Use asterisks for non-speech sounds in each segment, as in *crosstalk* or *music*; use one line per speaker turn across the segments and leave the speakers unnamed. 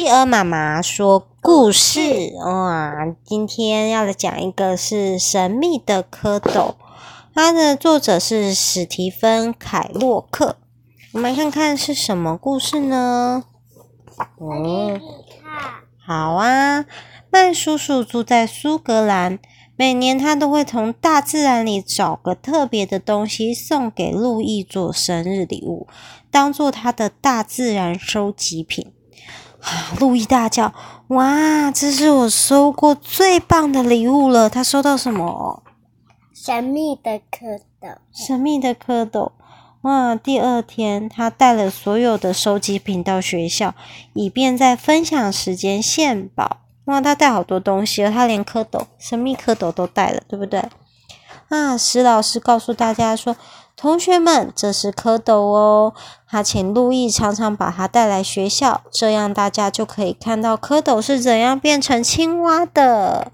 企鵝媽媽說故事，哇、嗯啊，今天要來講一個，是神秘的蝌蚪。它的作者是史提芬凱洛克。我們來看看是什麼故事呢？哦、嗯，好啊。麥叔叔住在蘇格蘭，每年他都會從大自然裡找個特別的東西送給路易做生日禮物，當做他的大自然收集品。路易大叫：“哇，這是我收過最棒的禮物了！他收到什麼？神秘的蝌蚪，神秘的蝌蚪。哇！第二天，他帶了所有的收集品到學校，以便在分享時間獻寶。哇！他帶好多東西，而他連蝌蚪、神秘蝌蚪都帶了，對不對？啊！石老師告訴大家說。”同學們，這是蝌蚪哦。他請路易常常把它帶來學校，這樣大家就可以看到蝌蚪是怎樣變成青蛙的。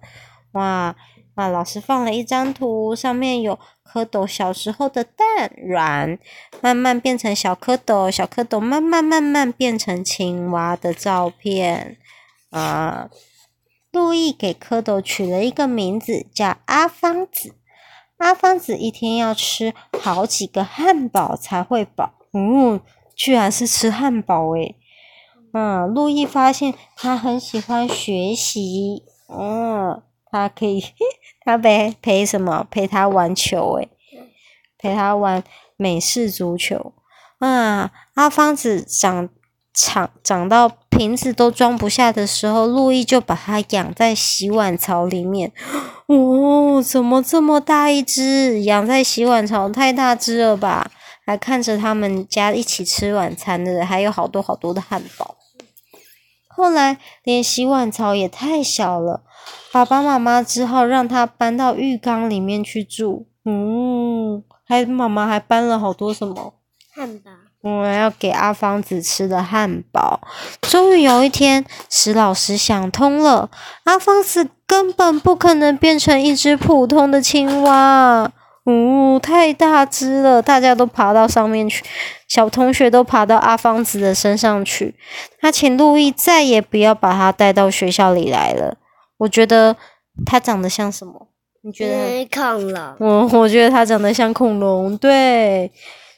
哇哇、啊！老師放了一張圖，上面有蝌蚪小時候的蛋卵，慢慢變成小蝌蚪，小蝌蚪慢慢慢慢變成青蛙的照片。啊，路易給蝌蚪取了一個名字，叫阿方子。阿芳子一天要吃好幾個漢堡才會飽，嗯，居然是吃漢堡欸！嗯，路易發現他很喜歡學習，嗯，他可以，他陪陪什麼？陪他玩球欸，陪他玩美式足球，嗯，阿芳子長。長長到瓶子都裝不下的時候，路易就把它養在洗碗槽裡面。哦，怎麼這麼大一隻？養在洗碗槽太大隻了吧？還看着他們家一起吃晚餐的，還有好多好多的漢堡。嗯、後來連洗碗槽也太小了，爸爸媽媽只好讓他搬到浴缸裡面去住。嗯，還媽媽還搬了好多什麼？漢堡。我要給阿芳子吃的漢堡。終於有一天，石老師想通了：阿芳子根本不可能變成一隻普通的青蛙。嗚、哦，太大隻了，大家都爬到上面去，小同學都爬到阿芳子的身上去。他請路易再也不要把他帶到學校裡來了。我覺得他長得像什麼？你覺得、嗯？看了。我我覺得他長得像恐龍。對。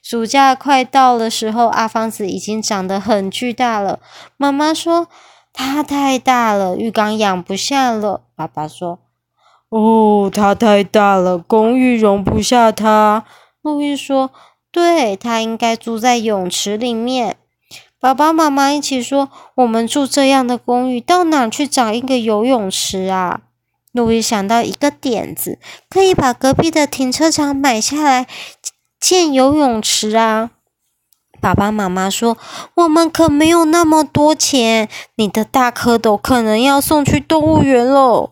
暑假快到的時候，阿芳子已經長得很巨大了。媽媽說：“他太大了，浴缸養不下了。”爸爸說：“哦，他太大了，公寓容不下他。”路易說：“對，他應該住在泳池裡面。”爸爸媽媽一起說：“我們住這樣的公寓，到哪兒去找一個游泳池啊？”路易想到一個點子，可以把隔壁的停車場買下來。建游泳池啊！爸爸媽媽說，我們可沒有那麼多錢，你的大蝌蚪可能要送去動物園嘍。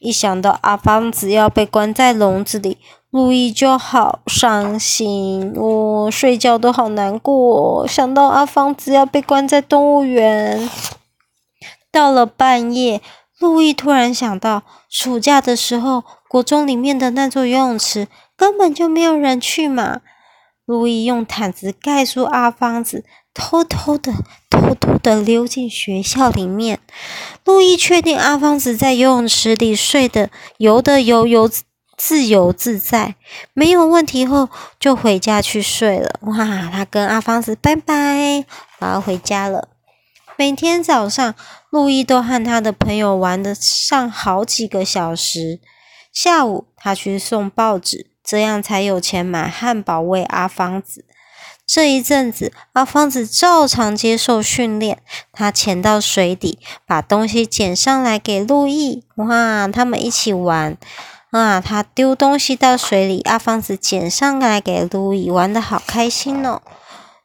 一想到阿芳子要被關在籠子裡，路易就好傷心，我、哦、睡覺都好難過、哦。想到阿芳子要被關在動物園，到了半夜，路易突然想到暑假的時候，國中裡面的那座游泳池。根本就沒有人去嘛！路易用毯子蓋住阿芳子，偷偷的、偷偷的溜進學校裡面。路易確定阿芳子在游泳池裡睡得游得游游自由自在，沒有問題後，就回家去睡了。哇，他跟阿芳子拜拜，然後回家了。每天早上，路易都和他的朋友玩的上好幾個小時。下午，他去送報紙。這樣才有錢買漢堡喂阿芳子。這一陣子，阿芳子照常接受訓練。他潛到水底，把東西撿上來給路易。哇，他們一起玩。啊，他丟東西到水裡，阿芳子撿上來給路易，玩得好開心哦。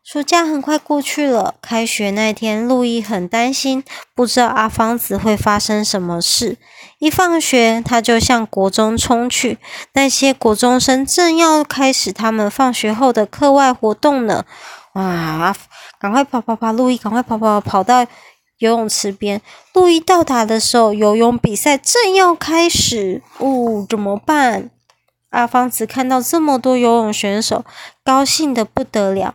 暑假很快過去了。開學那天，路易很擔心，不知道阿芳子會發生什麼事。一放學，他就向國中衝去。那些國中生正要開始他們放學後的課外活動呢。哇！啊、趕快跑跑跑，路易，趕快跑跑跑，跑到游泳池邊。路易到達的時候，游泳比賽正要開始。嗚、哦，怎麼辦？阿芳子看到這麼多游泳選手，高興得不得了。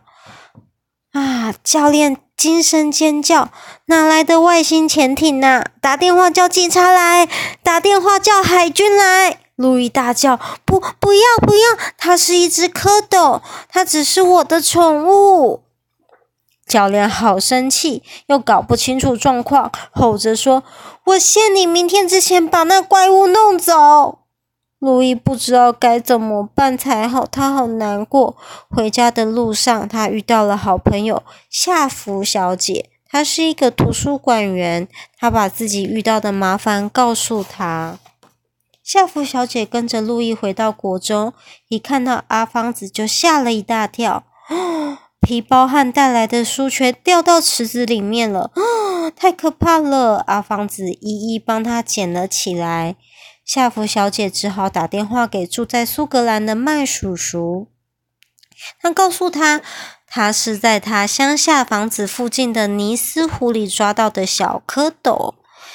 啊！教練驚聲尖叫：“哪來的外星潛艇呢、啊？”打電話叫警察來，打電話叫海軍來。路易大叫：“不，不要，不要！它是一隻蝌蚪，它只是我的寵物。”教練好生氣，又搞不清楚狀況，吼着說：“我限你明天之前把那怪物弄走。”路易不知道該怎麼辦才好，他好難過。回家的路上，他遇到了好朋友夏芙小姐，她是一個圖書館員。他把自己遇到的麻煩告訴她。夏芙小姐跟着路易回到國中，一看到阿芳子就嚇了一大跳，皮包和帶來的書全掉到池子裡面了，太可怕了。阿芳子一一幫他撿了起來。夏芙小姐只好打電話給住在蘇格蘭的麥叔叔，他告訴他，他是在他鄉下房子附近的尼斯湖裡抓到的小蝌蚪。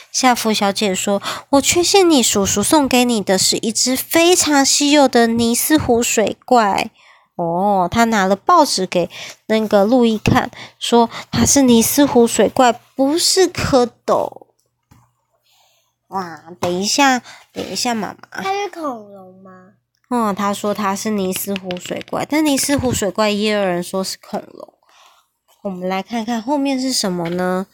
夏芙小姐說：“我確信你叔叔送給你的是一隻非常稀有的尼斯湖水怪。”哦，他拿了報紙給那個路易看，說他是尼斯湖水怪，不是蝌蚪。哇！等一下，等一下，媽媽，他是恐龍嗎？哦，他說他是尼斯湖水怪，但尼斯湖水怪也有人說是恐龍。我們來看看後面是什麼呢？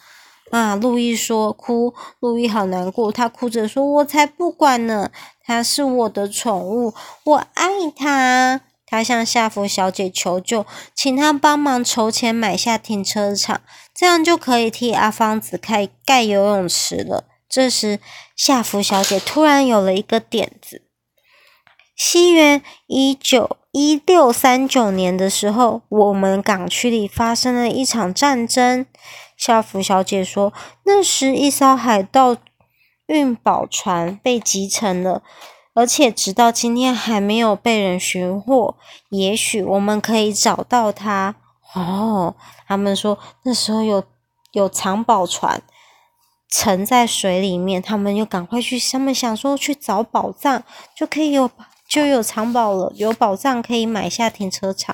啊，路易說哭，路易好難過，他哭着說：“我才不管呢，他是我的寵物，我愛他。”他向夏福小姐求救，請他幫忙籌錢買下停車場，這樣就可以替阿芳子開蓋游泳池了。這時，夏芙小姐突然有了一個點子。西元一九一六三九年的時候，我們港區裡發生了一場戰爭。夏芙小姐說，那時一艘海盜運寶船被擊沉了，而且直到今天還沒有被人尋獲。也許我們可以找到它。哦，他們說那時候有有藏寶船沉在水裡面，他們又趕快去，他們想說去找寶藏，就可以有就有藏寶了，有寶藏可以買下停車場。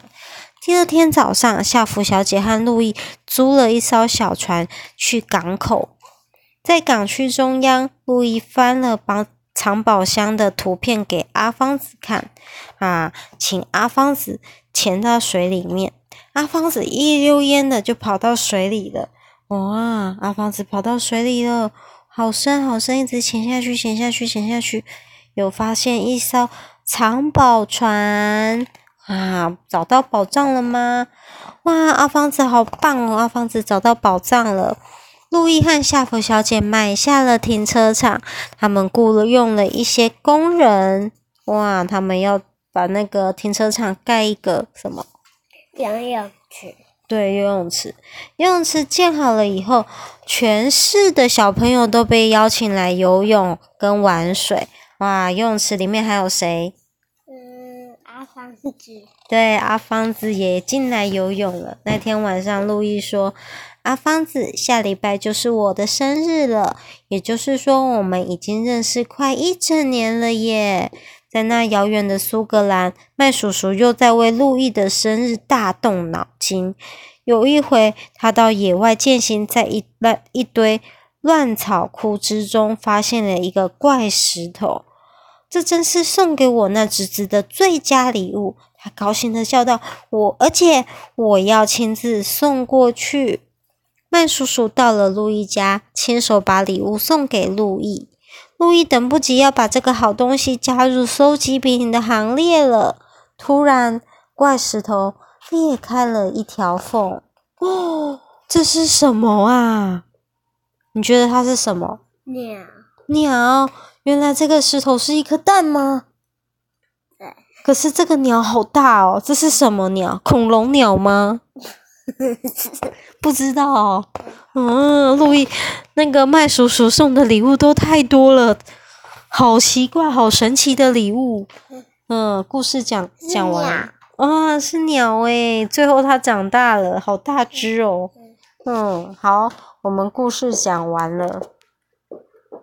第二天早上，夏福小姐和路易租了一艘小船去港口，在港區中央，路易翻了把藏寶箱的圖片給阿芳子看，啊，請阿芳子潛到水裡面，阿芳子一溜煙的就跑到水裡了。哇！阿芳子跑到水裡了，好深好深，一直潛下去，潛下去，潛下，下去，有發現一艘藏寶船啊！找到寶藏了嗎？哇！阿芳子好棒哦！阿芳子找到寶藏了。路易和夏普小姐買下了停車場，他們雇了用了一些工人。哇！他們要把那個停車場蓋一個什麼？游泳池。對，游泳池，游泳池建好了以後，全市的小朋友都被邀請來游泳跟玩水。哇，游泳池裡面還有誰？嗯，阿芳子。對，阿芳子也進來游泳了。那天晚上，路易說：“阿芳子，下禮拜就是我的生日了。”也就是說，我們已經認識快一整年了耶。在那遙遠的蘇格蘭，麥叔叔又在為路易的生日大動腦筋。有一回，他到野外踐行，在一亂一堆亂草枯枝中發現了一個怪石頭。這真是送給我那侄子的最佳禮物，他高興地笑道，我，而且我要親自送過去。麥叔叔到了路易家，親手把禮物送給路易。路易等不及要把這個好東西加入收集品的行列了。突然，怪石頭裂開了一條縫。哦，這是什麼啊？你覺得它是什麼？鳥。鳥。原來這個石頭是一顆蛋嗎？對。可是這個鳥好大哦，這是什麼鳥？恐龍鳥嗎？ *laughs* 不知道哦，嗯，路易，那個麥叔叔送的禮物都太多了，好奇怪，好神奇的禮物。嗯，故事講講完啊，是鳥誒，最後它長大了，好大只哦。嗯，好，我們故事講完了。